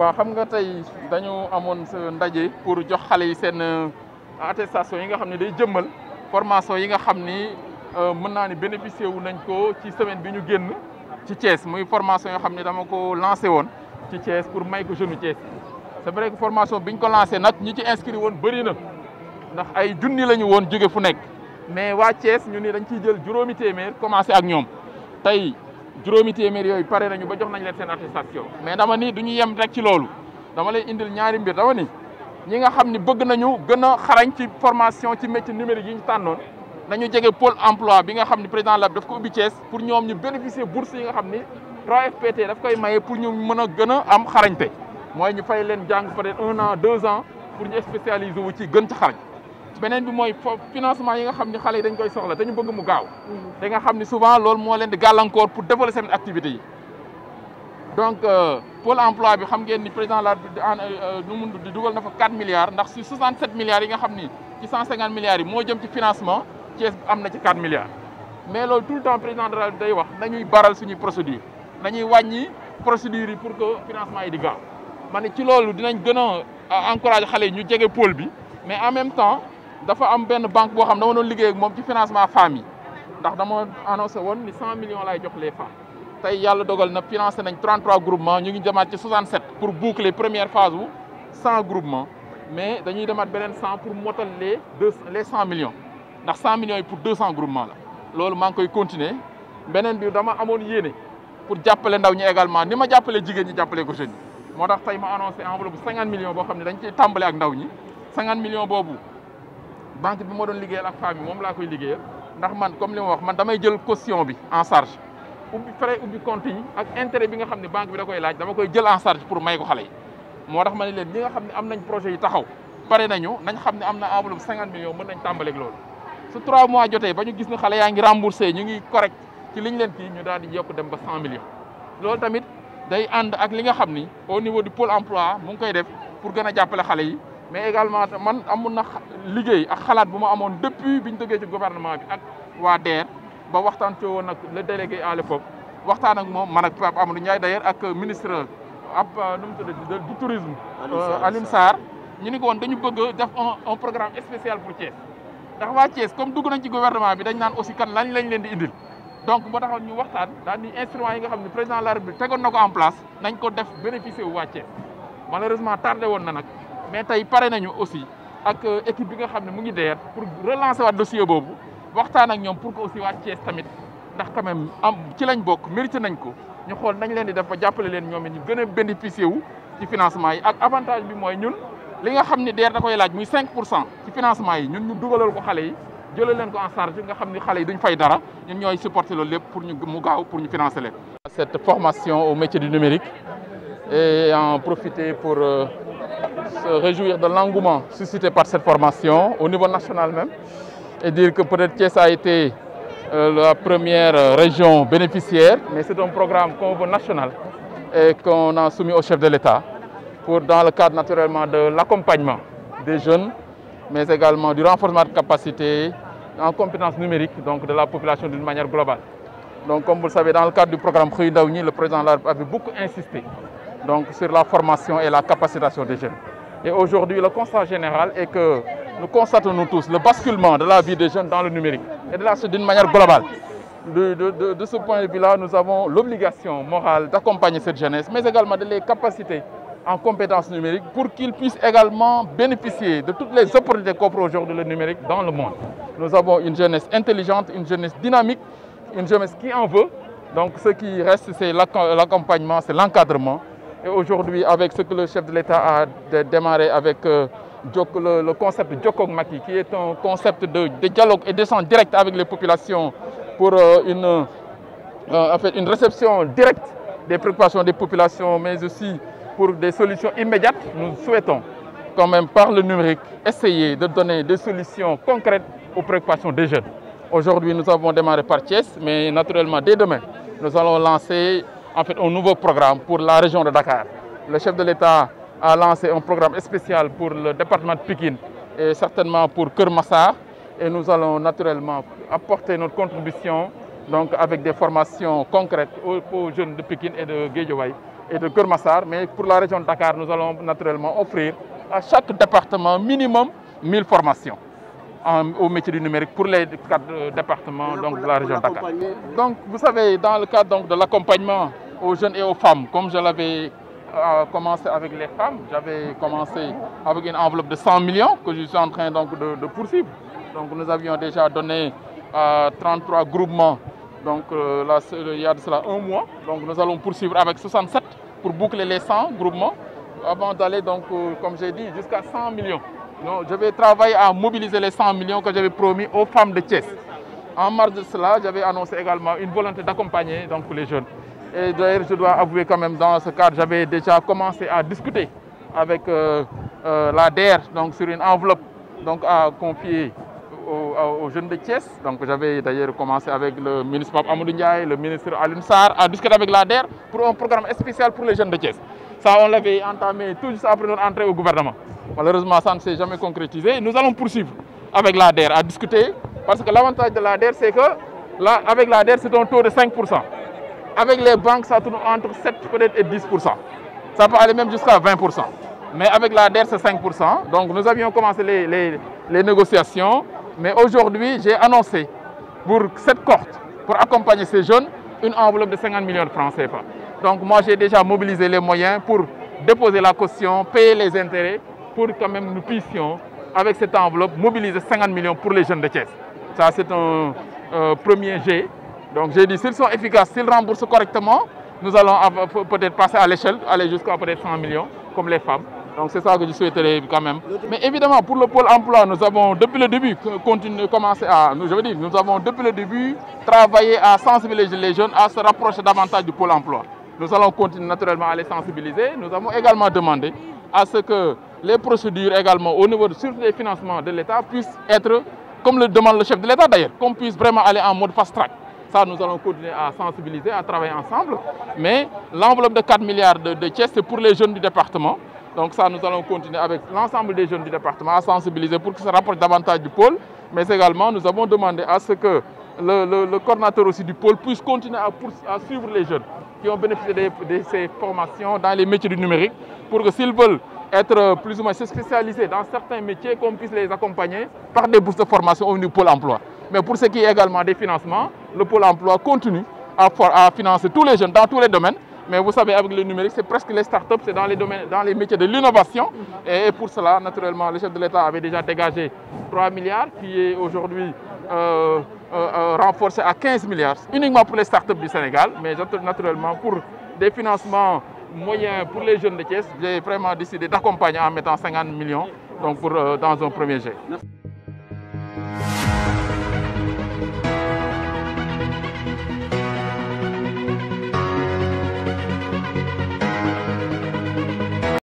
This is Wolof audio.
waaw xam nga tey dañu amoon sa ndaje pour jox xale yi seen euh, attestation yi nga xam ne day jëmmal formation yi nga xam ni euh, mën naa ni bénéficié wu nañ ko ci semaine bi ñu génn ci Thiès muy formation yoo xam ne dama ko lancé woon ci Thiès pour may ko jeune Thiès c'est vrai ko formation bi ñu ko lancé nag ñi ci inscrit woon bëri na ndax ay junni la ñu woon jóge fu nekk mais waa cees ñu ni dañ ciy jël juróomi téeméer commencé ak ñoom tey juróomi téeméer yooyu pare nañu ba jox nañ leen seen attestation mais dama ni du ñu yem rek ci loolu dama lay indil ñaari mbir dama ni ñi nga xam ni bëgg nañu gën a xarañ ci formation ci métier numéro yi ñu tànnoon nañu jege pôle emploi bi nga xam ni président Lab daf ko ubbi Thiès pour ñoom ñu bénéficier bourse yi nga xam ni 3FPT daf koy maye pour ñu mën a gën a am xarañte mooy ñu fay leen jàng peut-être un an deux ans pour ñu spécialiser wu ci gën ci beneen bi mooy financement yi nga xam ni xale yi dañ koy soxla dañu bëgg mu gaaw te nga xam ni souvent loolu moo leen di gàllankoor pour développer seen activité yi donc euh, pôle emploi bi xam ngeen ni président la euh, nu mu di dugal na fa 4 milliards ndax si 67 milliards yi nga xam ni ci 150 milliards yi moo jëm ci financement Thiès am na ci 4 milliards mais loolu tout le temps président de la day wax nañuy baral suñu procédu nañuy wàññi procédure yi pour que financement yi di gaaw ma ne ci loolu dinañ gën a xale yi ñu jege pôle bi mais en même temps dafa am benn banque boo xam dama doon liggéey moom ci financement femmes yi ndax dama annoncé woon ni 100 millions laay jox lee femmes tey yàlla dogal na financé nañ 33 groupements ñu ngi demaat ci 67 pour boucler première phase wu 100 groupements mais dañuy demaat beneen 100 pour motal les deux les 100 millions ndax 100 yi pour 200 groupements la loolu maa ngi koy continuer beneen bi dama amoon yéene pour jàppale ndaw ñi également ni ma jàppale jigéen ñi jàppale ko jeunes yi moo tax tey ma annoncé enveloppe xam ne dañ ciy tàmbale ak ndaw ñi 50 millions boobu banque bi moo doon liggéeyal ak famille moom laa koy liggéeyal ndax man comme li ma wax man damay jël caution bi en charge ubbi frais ubbi compte yi ak intérêt bi nga xam ne banque bi da koy laaj dama koy jël en charge pour may ko xale yi moo tax ma ne leen ñi nga xam ne am nañ projet yi taxaw na nañu nañ xam ne am na enveloppe cinquante millions mën nañ tàmbaleeg loolu su trois mois jotee ba ñu gis ne xale yaa ngi remboursé ñu ngi correct ci liñ leen kii ñu daal di yokk dem ba cent millions loolu tamit day ànd ak li nga xam ni au niveau du pôle emploi mu ngi koy def pour gën jàppale xale yi mais également man amoon na liggéey ak xalaat bu ma amoon depuis bi ñu dëggee ci gouvernement bi ak waa DER ba waxtaan ci woon nag le délégué à l'époque waxtaan ak moom man ak Pape Amadou Ndiaye d'ailleurs ak ministre ab euh, nu mu tudd du tourisme. Euh, Alioune Sarr ñu ni ko woon dañu bëgg def un programme spécial pour Thiès ndax waa Thiès comme dugg nañ ci gouvernement bi dañ naan aussi kan lañ lañ leen di indil donc moo taxoon ñu waxtaan daal ni instruments yi nga xam ne président de la République tegoon na ko en place ko def bénéficier wu waa Thiès malheureusement woon na nag. mais tey pare nañu aussi ak euh, équipe bi nga xam ne mu ngi deer pour relancer waat dossier boobu waxtaan ak ñoom pour que aussi waa Thiès tamit ndax quand am ci lañ bokk mérité nañ ko ñu xool nañ leen di def ba jàppale leen ñoom ñu gën a wu ci financement yi ak avantage bi mooy ñun li nga xam ne deer da koy laaj muy cinq pour cent ci financement yi ñun ñu dugalal ko xale yi jëlal leen ko en charge nga xam ni xale yi duñ fay dara ñun ñooy supporter loolu lépp pour ñu mu gaaw pour ñu financer leen. cette formation au métier du numérique et pour. Euh, se réjouir de l'engouement suscité par cette formation, au niveau national même, et dire que peut-être Thiès a été euh, la première euh, région bénéficiaire, mais c'est un programme qu'on veut national et qu'on a soumis au chef de l'État pour, dans le cadre naturellement de l'accompagnement des jeunes, mais également du renforcement de capacité en compétences numériques, donc de la population d'une manière globale. Donc, comme vous le savez, dans le cadre du programme Khouy le président avait beaucoup insisté donc, sur la formation et la capacitation des jeunes. Et aujourd'hui, le constat général est que nous constatons nous tous le basculement de la vie des jeunes dans le numérique. Et de là, c'est d'une manière globale. De, de, de, de, ce point de vue-là, nous avons l'obligation morale d'accompagner cette jeunesse, mais également de les capaciter en compétences numériques pour qu'ils puissent également bénéficier de toutes les opportunités qu'offre aujourd'hui le numérique dans le monde. Nous avons une jeunesse intelligente, une jeunesse dynamique, une jeunesse qui en veut. Donc ce qui reste, c'est l'accompagnement, c'est l'encadrement Et aujourd'hui, avec ce que le chef de l'État a démarré avec euh, le, le, concept Djokog Maki, qui est un concept de, de dialogue et d'échange direct avec les populations pour euh, euh, une, réception directe des préoccupations des populations, mais aussi pour des solutions immédiates, nous souhaitons par le numérique essayer de donner des solutions concrètes aux préoccupations des jeunes. Aujourd'hui, nous avons démarré par Thiès, mais naturellement, nous allons lancer en fait un nouveau programme pour la région de Dakar. Le chef de l'État a lancé un programme spécial pour le département de Pékin et certainement pour Kermassar. Et nous allons naturellement apporter notre contribution donc avec des formations concrètes aux, aux jeunes de Pékin et de Guédiouaï et de Kermassar. Mais pour la région de Dakar, nous allons naturellement offrir à chaque département minimum 1000 formations en, au métier du numérique pour les quatre euh, départements donc, la région vous savez, dans aux jeunes et comme je euh, commencé avec les femmes, j'avais commencé avec une de 100 millions que je suis en de, de poursuivre. Donc nous avions déjà donné euh, 33 groupements, euh, euh, mois. Donc nous allons poursuivre avec 67 pour boucler les 100 groupements avant d'aller donc, comme j'ai dit, jusqu'à 100 millions. Donc, je vais travailler à mobiliser de Thiès. En marge de cela, j'avais annoncé également donc les jeunes. Et d'ailleurs, je dois avouer dans ce cadre, j'avais déjà commencé à discuter avec euh, euh, la DER, donc sur une enveloppe donc, à confier aux, aux jeunes de Thiès. Donc j'avais d'ailleurs commencé avec le ministre Amadou Ndiaye, le ministre Alun à discuter avec la DER pour un programme spécial pour les jeunes de Thiès. Ça, on l'avait entamé tout juste après notre entrée au gouvernement. Malheureusement, ça ne s'est jamais concrétisé. Nous allons poursuivre avec l'ADER à que l'avantage de l'ADER, c'est Avec les banques, ça tourne entre 7 et 10 Ça peut aller même jusqu'à 20 Mais avec la DER, c'est 5 Donc nous avions commencé les, les, négociations. Mais aujourd'hui, j'ai annoncé pour cette cohorte, pour accompagner ces jeunes, une enveloppe de 50 millions de francs CFA. Donc moi, j'ai déjà mobilisé les moyens pour déposer la caution, payer les intérêts, pour quand même nous puissions, avec cette enveloppe, mobiliser 50 millions pour les jeunes de Thiès. Ça, c'est un euh, premier jet Donc j'ai dit, s'ils sont efficaces, s'ils remboursent correctement, nous allons peut-être passer à l'échelle, aller jusqu'à peut-être 100 millions, comme les femmes. Donc c'est ça que je souhaiterais quand même. Mais évidemment, emploi, nous avons depuis le début continué, à, je les jeunes à se rapprocher davantage du pôle emploi. Nous allons continuer naturellement à les sensibiliser. Nous avons également demandé à ce que les procédures également au niveau de, surtout de l'État Ça, nous allons continuer à sensibiliser, à ensemble. Mais l'enveloppe de 4 milliards de, de c'est pour les jeunes du département. Donc continuer avec l'ensemble des jeunes du département à sensibiliser pour qu'ils se rapprochent davantage du pôle. Mais également, nous avons demandé à ce que le, le, le coordinateur aussi du pôle puisse continuer à, pour, à suivre les jeunes qui ont bénéficié de, ces formations dans les métiers du numérique pour que s'ils veulent être plus ou moins par des bourses de formation Mais pour ce qui est également des financements, le Pôle emploi continue à, à financer tous les jeunes dans tous les domaines. Mais vous savez, avec le numérique, c'est presque les startups, c'est dans les domaines, dans les métiers de l'innovation. Et pour cela, naturellement, le chef de l'État avait déjà dégagé milliards, qui est aujourd'hui euh, euh, euh, renforcé à milliards, uniquement pour les jeunes de Thiès, j'ai vraiment décidé d'accompagner en mettant 50 millions donc pour, euh, dans un